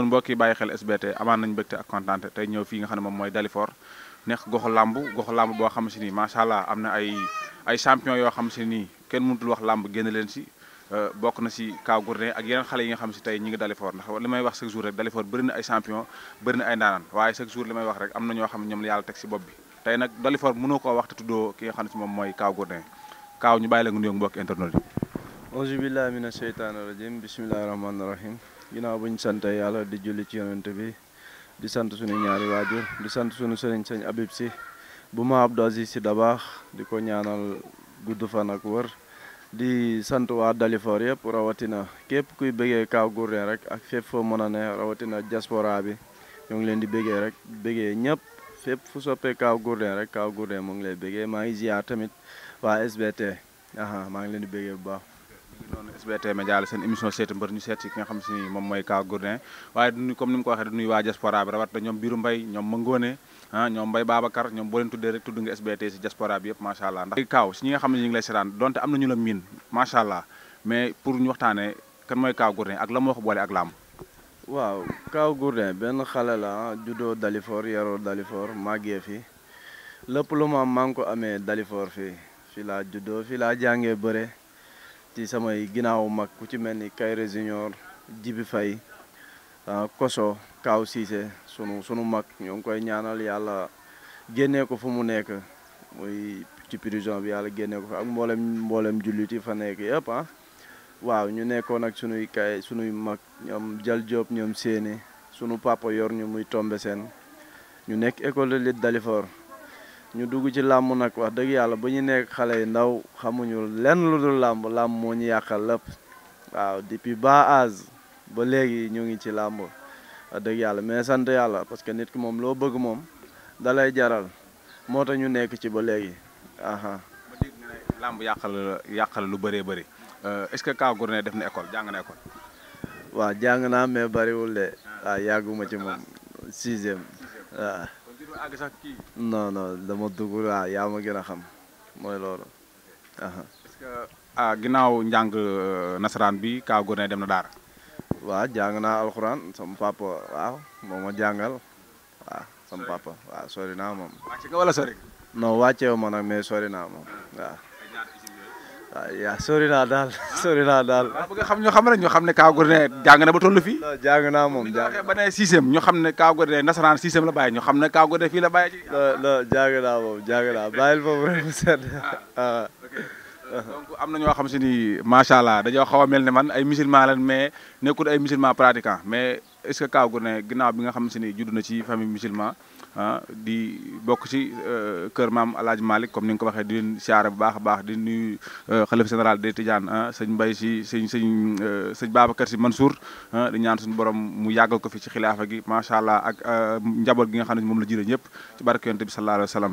noonu mbokk yi bàyyi xel SBT amaan nañu mbégte ak kontaan tey ñëw fii nga xam ne moom mooy Dalifort nekk goxu làmb goxu làmb boo xam si ni macha allah am na ay ay champion yoo xam si nii kenn mënutul wax làmb génn leen si euh, bokk na si Kaw Gourdin ak yeneen xale yi nga xam si tey ñi ngi Dalifort ndax li may wax chaque jour rek Dalifort bëri na ay champion bëri na ay ndaanaan waaye chaque jour li may wax rek am na ñoo xam ne ñoom yàlla teg si bopp bi tey nag Dalifort mënoo te tuddoo ki nga xam ne si moom mooy Kaw Gourdin Kaw ñu bàyyi la nga nuyoog auzu billahi mina sheytaani rajim bismillahi rahmaani rahim ginnaaw bu ñu sante yàlla di julli ci yonent bi di sant suñu ñaari waajur di sant suñu sëriñ sëñ Abib si bu ma Abdou Aziz si dabaax di ko ñaanal gudd fa nag wër di sant waa Dalifort yëpp rawatina képp kuy bëggee Kaw Gourdin rek ak fépp foo mën a ne rawatina diaspora bi ñoo ngi leen di bëggee rek bëggee ñëpp fépp fu soppee kaaw Gourdin rek Kaw Gourdin mu ngi lay bëggee maa ngi ziar tamit waa SBT maa ngi leen di bëggee bu baax noonu SBT Média seen émission seeti si ki nga xam si moom mooy Kaw Gourdin waaye duñu comme ni mu ko waxee duñuy waa diaspora bi rawatina ñoom Biru Mbay ñoom ah ndax Kaw si ñi nga xam ne ñu ngi lay seetaan donte am na ñu la miin macha allah mais pour ñu waxtaanee kan mooy Kaw Gourdin ak la moo ko boole ak laam waaw Kaw Gourdin benn xale la ah, juddoo Dalifor yaroo Dalifor màggee fi lépp lu ma maa ngi ko amee Dalifor fii fii laa juddoo fi laa jàngee bëre ci samay ginnaawu mag ku ci mel ni Kayre Junior Jibi fay Faye ah, Koso Kaaw Cissé sunu sunu mag ñoo ngi koy ñaanal yàlla génnee ko fu mu nekk muy ci prison bi yàlla génnee ko fa ak mbooleem mbooleem jullit yi fa nekk yëpp ah. waaw ñu nekkoon ak sunuy kay sunuy mag ñoom Jal Diop ñoom Séné sunu papa yor ñu muy Tombé seen ñu nekk école de lit ñu dugg ci làmb nag wax dëgg yàlla ba ñu nekk xale yi ndaw xamuñu lenn lu dul làmb làmb moo ñu yàqal lépp waaw depuis ba âge ba léegi ñu ngi ci làmb wax dëgg yàlla mais sant yàlla parce que nit ki moom loo bëgg moom da lay jaral moo tax ñu nekk ci ba léegi aha làmb yàqal yàqal lu bëree bëri euh, est-ce que Kaw Gourdin def na école jàng na école. waaw jàng naa mais bariwul de ah. yàgguma ci moom sixième waaw. àgg sax kii. non dama dugg waaw yaa ma gën a xam mooy loolu. est ah, ginnaaw njàng euh, nasaraan bi Ka Gourdin dem na daar waa jàng naa alxuraan sama papa waaw moo ma jàngal waaw sama papa waaw sori naa moom. wàcce nga wala sori. non ma nag mais sori naa moom waaw. waaw ah, yaa sori naa daal sori naa daal. waaw xam ñoo xam rek ñoo xam ne Kaw Gourdin jàng na ba toll fii. naa moom jàng ba ne sixième ñoo xam ne Kaw Gourdin nasaraan sixième la baay ñoo xam ne Kaw Gourdin fii la bàyyi. non non jàng naa moom jàng naa bàyyil foofu rek mu sedd. Ah, am na ñoo xam si ni macha allah dañoo xaw a mel ne man ay musulman lañ mais. nekkul ay musulman pratiquant mais est-ce que Kaw Gourdin ginnaaw bi nga xam si ni judd na ci famille musulman ah di bokk ci euh, kër maam alaaj Hadj Malick ni nga ko waxee di leen siyaare bu baax a baax di nuyu euh, xalif général des Tidiane ah sëñ Mbaye si sëñ sëñ euh, sëñ Babacar si Mansour ah, di ñaan suñu borom mu yàggal ko fi ci xilaafa gi macha allah ak njaboot gi nga xam ne moom la jiite ñëpp ci barke yonte bi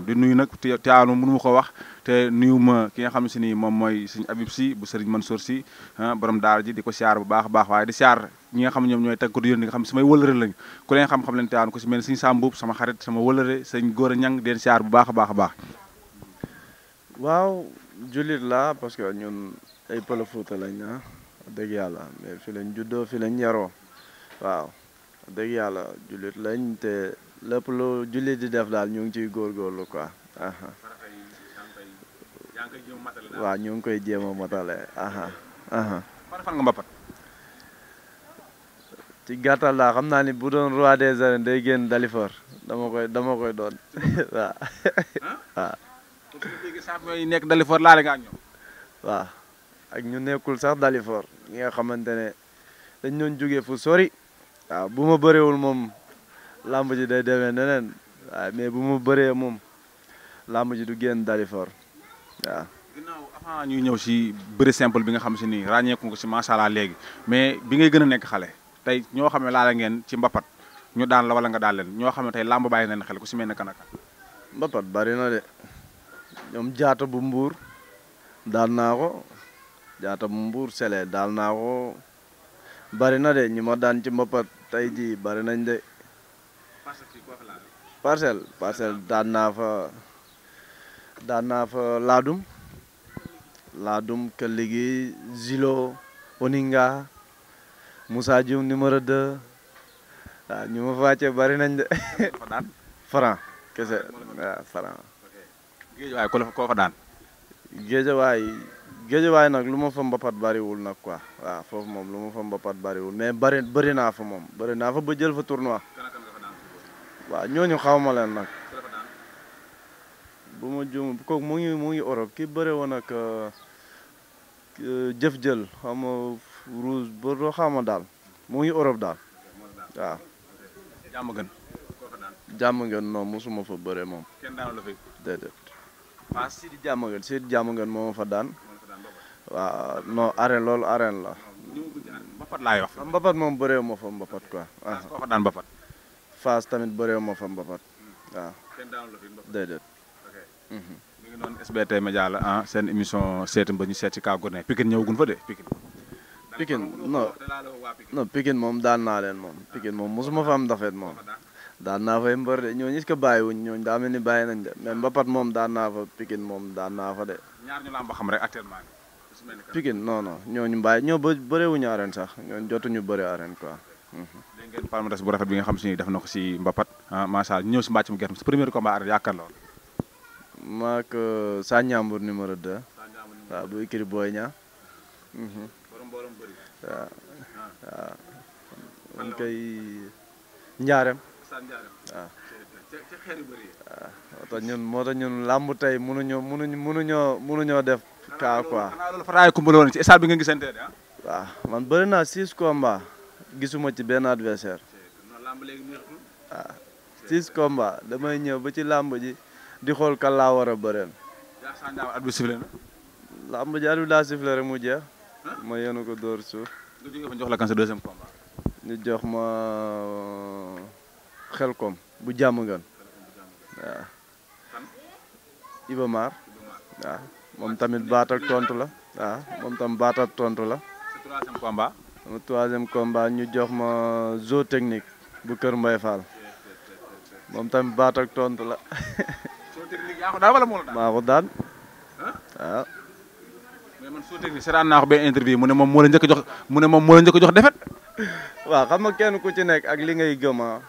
di nuyu nag tiyaanu mënu ma ko wax te nuyu ma ki nga xam si ni moom mooy sëñ Habib si bu sëriñ Mansour si ah, borom daara ji di ko siyaare bu baax a baax waaye siyaar ñi nga xam ñoom ñooy teg ko di yónni nga xam samay wëlëre lañu ku leen xam xam leen teyaan ko si mel ni suñu sàmbuub sama xarit sama wëlëre sañ góor a ñang deen siyaar bu baax a baax a baax waaw jullit la parce que ñun ay pël Fuuta lañ ah dëgg yàlla mais fi lañ juddoo fi lañ yaroo waaw dëgg yàlla jullit lañ te lépp lu jullit di def daal ñu ngi ciy góorgóorlu quoi ah, ah. waaw ñu ngi koy jéem a matale aha ah, ci gàttal laa xam naa ni bu doon roi des arènes day génn Dalifor dama koy dama koy doon waaw waaw. yi nekk Dalifor laale nga ñu nekkul sax nga xamante ne dañ doon jógee fu sori. bu ma bëreewul moom làmb ji day demee neneen waaw mais bu ma bëree moom làmb du génn Dalifor waaw. ginnaaw ñuy ñëw si bëri simple bi nga xam si nii ràññeeku ko si macha allah léegi mais bi ngay gën a nekk xale. tey ñoo xam ne laala ngeen ci mbapat ñu daan la wala nga daal leen ñoo xam ne tey làmb bàyyi nañ xel ku si mel kana kanaka mbapat bari na de ñoom jaata bu mbuur daal naa ko jaata bu mbuur sele daal naa ko bari na de ñi daan ci mbapat tey jii bari nañ de parcelle parcelle daan naa fa daan laadum laadum këlligi zilo oninga Moussa Dioum numéro 2 waaw ah, ñu ma fàccee bari nañ de. Franc kese waaw ah, Franc. géejawaay ku la koo fa nag lu ma fa mbapat bariwul nag quoi waaw ah, foofu moom lu ma fa mbapat bariwul mais bari bari naa fa moom bari naa fa ba jël fa tournoi. waaw ñooñu xaw ma leen nag. bu ma juum kooku mu ngi mu ngi Europe ki bëre woon euh, euh, jëf jël xaw rouge ba loo daal moo ngi Europe daal waaw. jàmm gën. ngeen non mosuma fa bëre moom. kenn daanu la fay. si jàmm ngeen si jàmm ngeen moo a fa daan. waaw non arène loolu arène la. mbapat laay wax. mbapat moom bëree ma fa mbapat quoi. ah tamit bëree ma fa mbapat. waaw kenn daanu la fay SBT Média la ah seen émission seet ba ñu seet ci kaa gone Pikine ñëwaguñ fa de Pikine. Pikine non non Pikine moom daan naa leen moom Pikine moom mosuma fa am moom daan naa fay mbër de ñooñu est-ce que bàyyiwuñ ñooñu daa ni bàyyi nañ de mais mbapat moom daan naa fa Pikine moom daan naa fa de. ñaar ñu làmb xam rek actuellement. Pikine non non ñooñu mbaay ñoo ba bëreewuñu arène sax ñooñu jotuñu bëre arène quoi. Mhm. dégg ngeen palmarès bu rafet bi nga xam si def na ko si mbapat ah, macha allah si mbàccum gerte sa premier combat arène yaakaar lool. maak euh, Sa Ndiambour numéro 2. waaw bu ikiri booy ñaa waaw waaw man kay njaareem waaw moo tax ñun moo tax ñun làmb tey mënuñoo mënuñu mënuñoo def kaa quoi ci bi nga gisante de ah? man bëri naa six combats gisuma ci benn adversaire waaw ah, six combats damay ñëw ba ci làmb ji di xool kan laa war a bëreen làmb ji arbitre bi daa sifflé rek mu jeex ma yenu ko dóor suuf. nga jógee ñu jox ma xel euh, koom bu jàmm gan. waaw. Iba Mar. moom tamit baat ak tontu la. waaw moom tam baat ak tontu la. troisième combat. sama troisième combat ñu jox ma zoo technique bu Kër Mbaye Fall. moom tamit baat ak tontu la. maa ko daan waaw. mais man soo technique seetaan naa ko benn interview mu ne moom moo la njëkk jox moom moo la njëkk jox defet waaw xam nga kenn ku ci nekk ak li ngay gëm ah,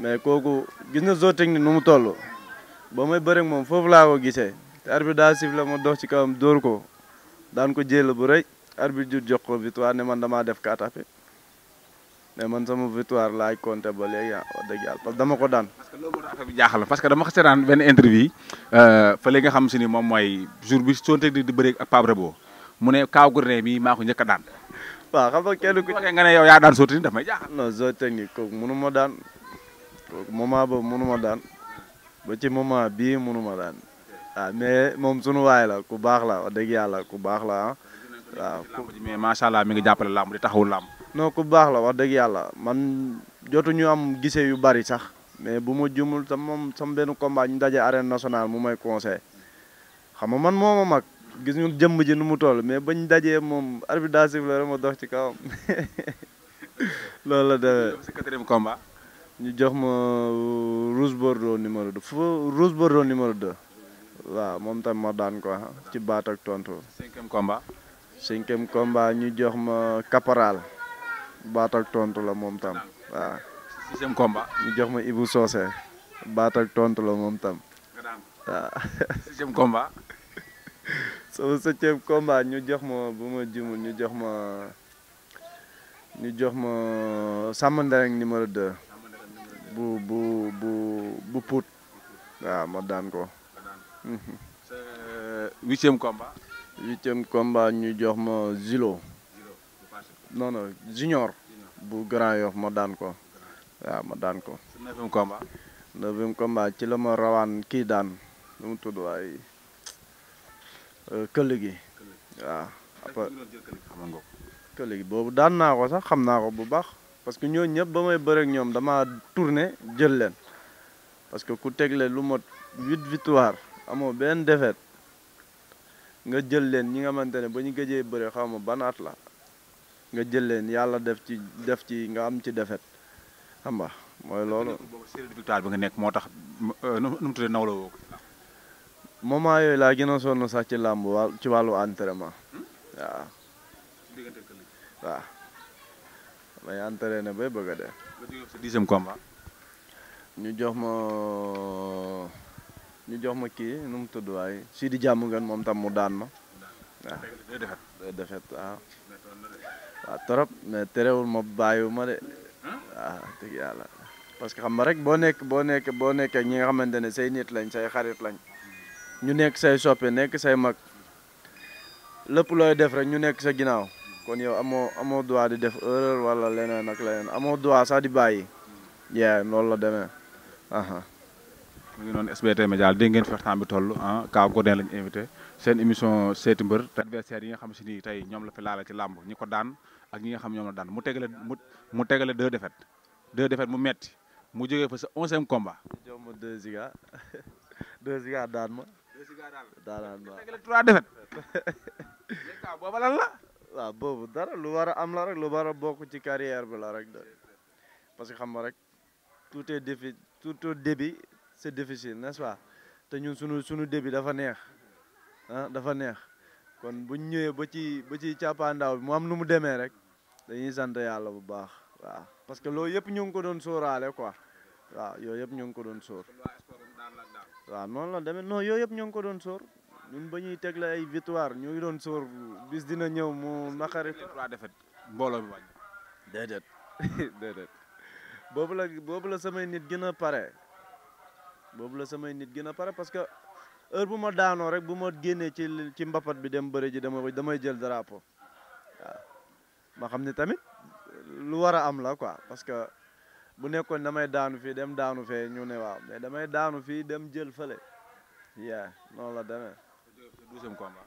mais kooku gis na zoo technique nu mu toll ba may bëri moom foofu laa ko gisee te arbitre daa sifflé mo dox ci kawam dóor ko daan ko jël bu rëy arbitre ju jox ko victoire ne man damaa def kaatape mais man sama victoire laay compté ba léegi ah, wax dëgg yàlla parce dama ko daan. parce que parce que dama ko seetaan benn interview euh, fële nga xam si ni moom mooy jour bi soo teg di bëri ak Pape Rebo mu ne Kaaw Gourné mii maa ko njëkk a daan. waaw xam nga kenn ku waxee nga ne yow yaa daan soo technique daf may jaaxal. non soo technique kooku mënu ma daan kooku moment boobu mënu daan ba ci moment bii mënu daan waaw ah, mais moom sunu waay la ku baax la wax dëgg yàlla ku baax la ah. waaw mais allah mi ngi jàppale làmb di taxawul làmb. non ku baax la wax dëgg yàlla man jotuñu am gise yu bari sax mais bu ma jumul tam moom sama benn combat ñu daje arène nationale mu may conseil xam nga man moom mag gis ñu jëmm ji nu mu toll mais bañ dajee moom arbitre daa sifflé rek ma dox ci kawam loolu la demee si quatrième ñu jox ma Rouge Bordeaux numéro 2 fo Rouge Bordeaux numéro de waaw moom tam ma daan ko ah, ci baat ak tontu. cinquième combat. cinquième combat ñu jox ma Caporal. baat ak tontu la moom tam waaw. sixième combat. ñu jox ma Ibou Socé tontu la moom tam waaw. sixième combat. sama ñu jox ma bu ma jumul ñu jox ma ñu jox ma Samba numéro 2. bu bu bu bu Pout. ma daan ko. Mhm. Euh, huitième combat. huitième combat ñu jox ma Zilo. nono non junior. bu Grand Yoff ma ko. waaw ma ko. su neuvième combat. ci la ma rawaan kii daan lu mu tudd waay euh, këll gi. waaw après gi boobu daan naa ko sax xam naa ko bu baax parce que ñoo ñëpp ba may bëreeg ñoom dama tourné jël leen parce que ku tegle lu mot huit victoire amoo benn défaite nga jël leen ñi nga xamante ne ba ñu gëjee bëre xaw ma ban la nga jël leen yàlla def ci def ci nga am ci defet xam nga mooy loolu. série bi nga nekk moo tax euh, nu mu tuddee naw la woo yooyu laa gën a sonn sax ci làmb wa ci wàllu entraînement hmm? waaw. waaw may entraîné bay bëgg a dee. sa ñu jox ma ñu jox ma kii nu mu tudd waaye di jàmm ngeen moom tam mu daan ma waaw. day waaw ah, trop mais terewul ma bàyyiwu ma de waaw ah, dëgg yàlla parce que xam nga rek boo nekk boo nekk boo nekk ñi nga xamante ne say nit lañ say xarit lañ ñu nekk say soppe nekk say mag lépp looy def rek ñu nekk sa ginnaaw kon yow amoo amoo droit di def erreur wala leneen nag leneen amoo droit sax di bàyyi yee loolu la demee mu ngi noonu SBT Média dégg ngeen fi waxtaan bi toll ah Ka Godin lañ invité seen émission seeti mbër te adversaire yi nga xam si ni tey ñoom la fi laala ci làmb ñi ko daan ak ñi nga xam ñoom la daan mu tegale mu mu tegale deux défaites deux défaites mu metti mu jógee fa sa onzième combat. jom ma deux ziga deux ziga daan ma. deux ziga daan ma daan ma tegale trois défaites. Ka la. waaw boobu dara lu war a am la rek lu war a bokk ci carrière bi la rek parce que xam nga rek tout est défi tout au début. c'est difficile n'est-ce pas te ñun suñu suñu début dafa neex ah dafa neex kon buñ ñëwee ba ci ba ci càppaandaw bi mu am nu mu demee rek dañuy sant yàlla bu baax waaw parce que loolu yëpp ñu ngi ko doon sóoraale quoi waaw yooyu yëpp ñu ngi ko doon sóor waaw noonu la demee non yooyu yëpp ñu ngi ko doon soor ñun ba ñuy teg la ay victoire ñu ngi doon sóor bis dina ñëw mu naqari mbooloo bi wàññi déedéet déedéet boobu la samay nit gën a pare boobu la samay nit gën a pare parce que heure bu ma daanoo rek bu ma génnee ci ci mbapat bi dem bëri ji dama damay jël drapeau waaw ma xam ne tamit lu war a am la ko parce que bu nekkoon damay daanu fii dem daanu fee ñu ne waaw mais damay daanu fii dem jël fële yaa noonu la demee. douzième combat.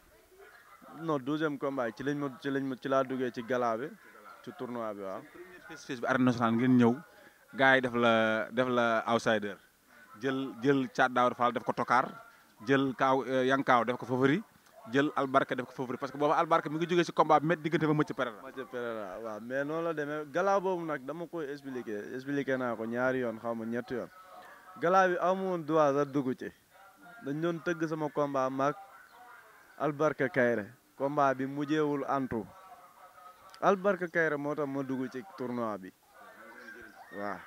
non ci lañ ma ci lañ ma ci laa duggee ci gala bi ci tournois bi waaw. première phase bi arène nationale ñëw gars yi def la def la outsider. jël jël caat daawar faal def ko tokaar jël kaaw euh, yankaaw def ko favori jël albarka def ko favori parce que booba albarka mu ngi jógee si combat bi métti diggante ba mëcc mais noonu la demee galaa boobu nag dama koy expliqué expliqué naa ko ñaari yoon xaw ma ñetti yoon galaa bi amoon droit dugg ci dañ doon tëgg sama combat maag albarka kayre combat bi mujjeewul antu albarka kayre moo tax ma dugg ci tournoi bi waaw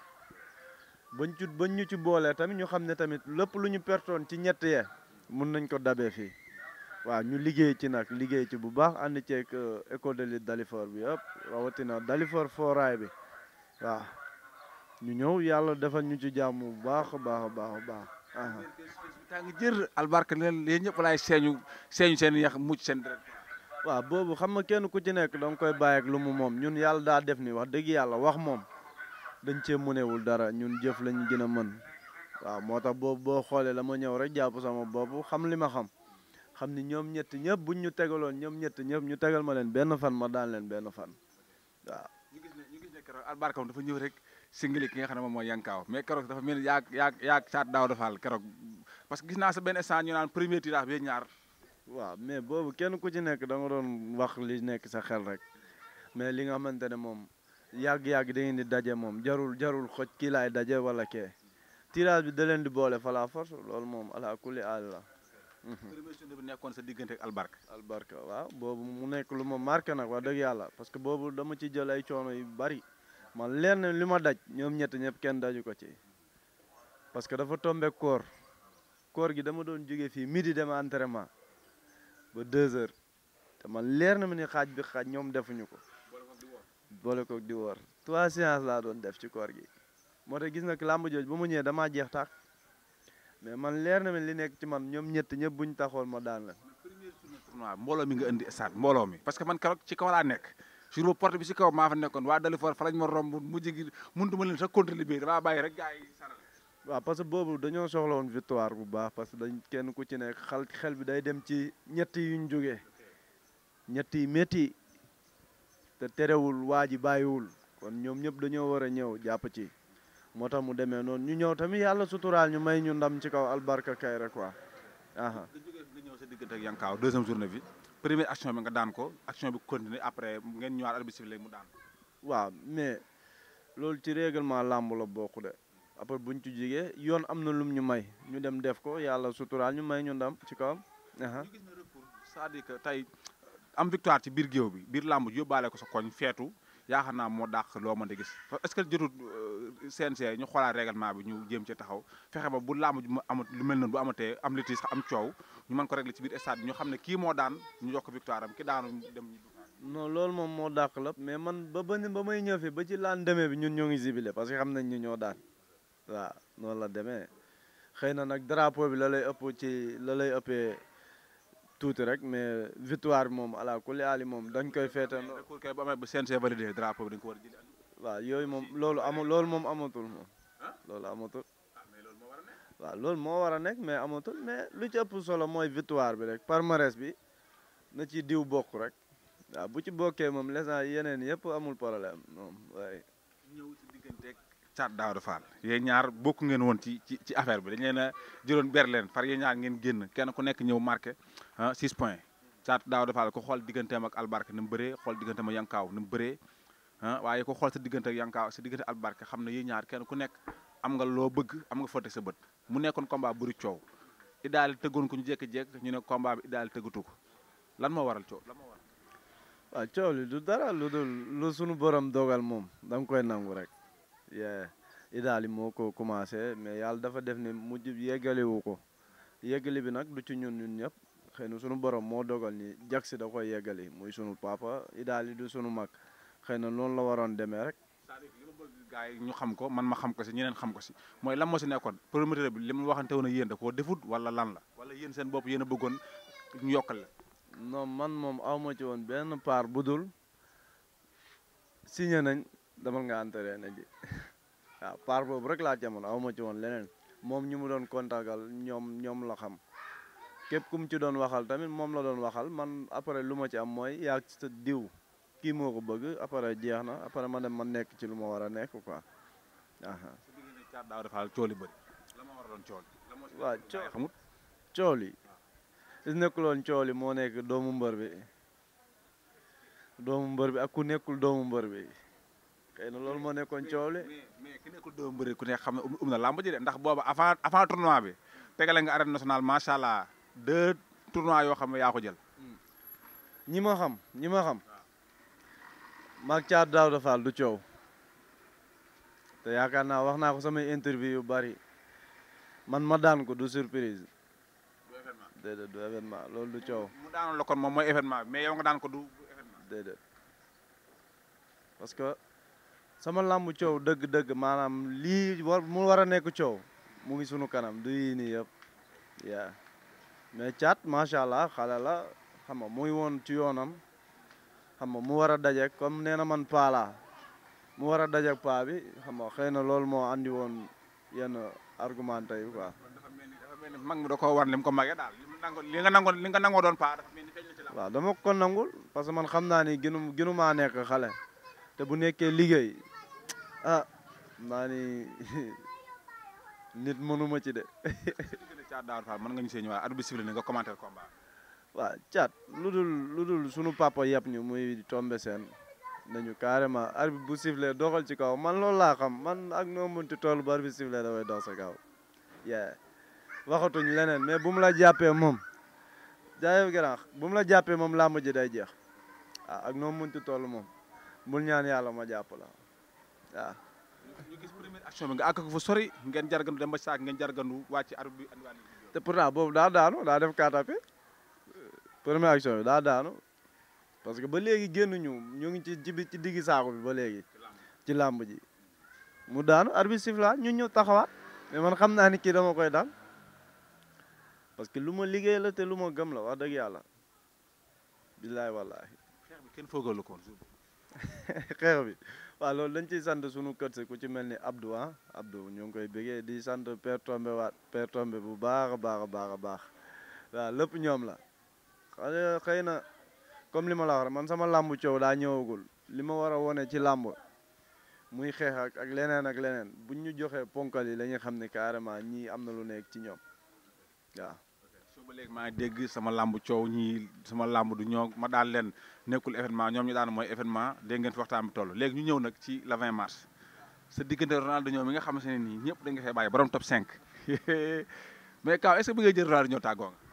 bañ ci bañ ñu ci boolee tamit ñu xam ne tamit lépp lu ñu pertoon ci ñett yee mun nañ ko dabee fii waaw ñu liggéey ci nag liggéey ci bu baax ànd ceeg euh, école de lutte Dalifort bi yëpp rawatina Dalifort fooraay bi waaw ñu ñëw yàlla defal ñu ci jàmm bu baax a baax a baax a baax. tàng jër albarka leen ñëpp laay seeñu seeñu seen yax mucc seen deret. waaw boobu xam nga kenn ku ci nekk danga koy bàyyi ak lu mu moom ñun yàlla daa def ni wax dëgg yàlla wax moom. dañ cee mënewul dara ñun jëf lañ gën a mën waaw moo tax boobu boo xoolee la ma ñëw rek jàpp sama boobu xam li ma xam xam ni ñoom ñett ñëpp buñ ñu tegaloon ñoom ñett ñëpp ñu tegal ma leen benn fan ma daan leen benn fan waaw. ñu gis ne ñu gis ne keroog dafa ñëw rek singili ki nga xam ne moom mooy Yankaaw mais keroog dafa mel ni yaa yaa yaa caat daaw dafaal keroog parce que gis naa sa benn instant ñu naan premier tirage bi ñaar. waaw mais boobu kenn ku ci nekk danga doon wax li nekk sa xel rek mais li nga xamante ne moom. yàgg-yàgg da ngeen di daje moom jarul jarul xoj kii daje wala kee tirage bi da leen di boole fala fors loolu moom ala kulli àll la. Mhm. bu nekkoon sa diggante albark albarka. albarka waaw boobu mu nekk lu ma marqué nag wax dëgg yàlla parce que boobu dama ci jël ay coono yu bari man leer na li ma daj ñoom ñëpp kenn daju ko ci. parce que dafa tombé koor koor gi dama doon jóge fii midi dem entraînement ba deux heures te man leer na ma ni xaaj bi xaaj ñoom defuñu ko. boole koog di woor trois séances laa doon def ci koor gi moo tax gis nga làmb jooj ba mu ñëwee damaa jeex tàq mais man leer na ma li nekk ci man ñoom ñett bu ñu taxoon ma daan la. waaw mbooloo mi nga indi stade mbooloo mi parce que man keroog ci kaw laa nekk jour ba porte bi ci kaw maa fa nekkoon waa Dalifor fa lañ ma romb mujj gi mënut ma leen sax contribuer damaa bàyyi rek gars yi saral waaw parce que boobu dañoo soxla woon victoire bu baax parce que dañ kenn ku ci nekk xel xel bi day dem ci ñett ñu jógee ñett te terewul waa ji bàyyiwul kon ñoom ñëpp dañoo war a ñëw jàpp ci moo tax mu demee noonu ñu ñëw tamit yàlla suturaal ñu may ñu ndam ci kaw albarka Kaïré ko nga ñëw sa diggante ak Yankaaw deuxième journée bi première action bi nga daan ko action bi continuer après ngeen ñëwaat arbitre bi léegi mu daan waaw mais loolu ci règlement làmb la bokk de après buñ ci jigee yoon am na lum ñu may ñu dem def ko yàlla suturaal ñu may ñu ndam ci kaw ñu gis am victoire ci biir géew bi biir làmb yóbbaale ko sa koñ feetu yaakaar naa moo dàq loo man a gis est-ce que jotut euh, CNG ñu xolaa règlement bi ñu jéem ci taxaw fexe ba bu làmb ma amat lu mel noonu bu amatee am litis am coow ñu man ko régler ci biir stade bi ñu xam ne kii moo daan ñu yokk victoire am ki daanu dem. non loolu moom moo dàq la mais man ba ba ba may ñëw ba ci laan demee bi ñun ñoo ngi zibilé parce que xam nañ ñu ñoo daan waaw noonu la demee xëy na nag drapeau bi la lay ëpp ci la lay ëppee. tuuti rek mais victoire bi moom ala kulli aali moom dañ koy féete. recours kay bu amee bu CNG validé drapeau bi dañ ko war a jëli. waaw yooyu moom loolu amul loolu moom amatul moom. loolu amatul. Ah, waaw loolu moo war a nekk mais amatul mais lu ci solo mooy victoire bi rek palmarès bi na ci diw bokk rek waaw bu ci bokkee moom les yeneen yëpp amul problème moom waaye. ñëw ci digganteeg Thiat Daouda Fall ñaar bokk ngeen woon ci ci ci affaire bi dañ a jëloon berlin far yéen ñaar ngeen génn kenn ku nekk ñëw marqué ah 6 points Thiatou Daouda Fall ko xool digganteem ak Albarka ni mu bëree xool digganteem ak Yankaaw ni mu bëree ah, waaye ko xool sa diggante ak Yankaaw sa diggante Albarka xam ne yi ñaar kenn ku nekk am nga loo bëgg am nga fotte sa bët mu nekkoon combat bëri coow idaal tëggoon ko ñu jékki-jékki ñu ne combat bi idaal tëggatu ko lan moo waral coow lan moo waral. coow li du dara lu dul lu sunu borom dogal moom da nga koy nangu rek. idaal yi moo ko commencé mais yàlla dafa def ne mujj yeggaliwu ko yeggali bi nag du ci ñun ñun ñëpp. xëy na sunu borom moo dogal ni Jaksi da koy yeggali muy sunu papa Idaly du sunu mag xëy na noonu la waroon demee rek. cest yi ñu xam ko man ma xam ko si ñeneen xam ko si mooy lan moo si nekkoon promoteur bi li ma waxante woon ak yéen koo defut wala lan la wala yéen seen bopp yéen a bëggoon ñu yokkale la. man moom aw ma ci woon benn paar bu dul signé nañ damal nga entraîné ji waaw paar boobu rek laa jamono aw ma ci woon leneen moom ñu mu doon contagal ñoom ñoom la xam. képp ku mu ci doon waxal tamit moom la doon waxal man après lu ma ci am mooy yaa ci sa diw kii moo ko bëgg après jeex na après ma dem ma nekk ci lu ma war a nekk quoi. waaw coo cool yi is nekkuloon cool yi moo nekk doomu mbër bi doomu mbër bi ak ku nekkul doomu mbër bi xëy na loolu moo nekkoon coow li mais ki nekkul doomu ku nekk xam ne um, um na làmb ndax booba avant avant tournoi bi tegale nga arène nationale macha allah deux tournois yoo xam ne yaa ko jël. ñi xam ñi ma xam. maag Thiat Daouda Fall du coow. te yaakaar naa wax naa ko samay interview yu bari man ma daan ko du surprise. du événement déedéet du événement loolu du coow. mu daanoon la moom mooy événement mais yow nga daan ko du événement. déedéet parce que sama làmb coow dëgg-dëgg maanaam lii war mu war a nekk coow mu ngi sunu kanam du yii yëpp mais caat macha allah xale la xam nga muy woon ci yoonam xam nga mu war a dajeeg comme nee na man paa mu war a dajeeg paa bi xam nga xëy na loolu moo andi woon yenn argumenté yi quoi. mag mi da war ni ko magee daal li nga nangoon li nga nangoo doon paa dafa mel ko nangul parce que man xam naa ni ginu ginumaa nekk xale te bu nekkee liggéey ah naa nit mënuma ci de. Thiat Daouda Fall mën nga ñu see ñëwaat arbitre sifflé nga commenter combat. waaw Thiat lu dul lu dul sunu papa yàpp ñu muy tombé seen nañu carrément arbitre bu sifflé doxal ci kaw man loolu laa xam man ak noo mënti toll bu arbitre sifflé dafay dox sa kaw. yaa waxatuñ leneen mais bu mu la jàppee moom jaayoo garaax bu mu la jàppee moom làmb ji day jeex ah ak noo mënti toll moom bul ñaan yàlla ma jàpp la ñu gis première action bi nga àgg ko fa sori ngeen jargandu dem ba saak ngeen jargandu wàcc arbitre bi andiwaat te pourtant boobu daa daanu daa def katape première action bi daa daanu parce que ba léegi génnuñu ñu ngi ci jibi ci diggi saako bi ba léegi ci làmb ji mu daanu arbitre sifla ñu ñëw taxawaat mais man xam naa ni kii dama koy daan parce que lu ma liggéey la te lu ma gëm la wax dëgg yàlla billaay wallahi xeex bi kenn bi waa loolu dañ ciy sant sunu kër ku ci mel ni Abdou ah Abdou ñoo ngi koy bëggee di sant Père Tombé waat Père Tombé bu baax a baax a baax a baax waaw lépp ñoom la xëy na comme li ma la wax rek man sama làmb coow daa ñëwagul li ma war a wone ci làmb muy xeex ak ak leneen ak leneen buñ ñu joxee ponkal yi la xam ni carrément ñii am na lu nekk ci ñoom waaw ba léegi maa dégg sama lamb coow ñii sama lamb du ñoo ma daan leen nekkul événement ñoom ñu daan mooy événement dégg ngeen fi waxtaan bi toll léegi ñu ñëw nag ci le 20 mars sa diggante Ronaldinho mi nga xamante ne nii ñëpp dañ nga fay bàyyi borom top 5 mais Kaaw est-ce que bi ngay jël Ronaldinho tàggoo nga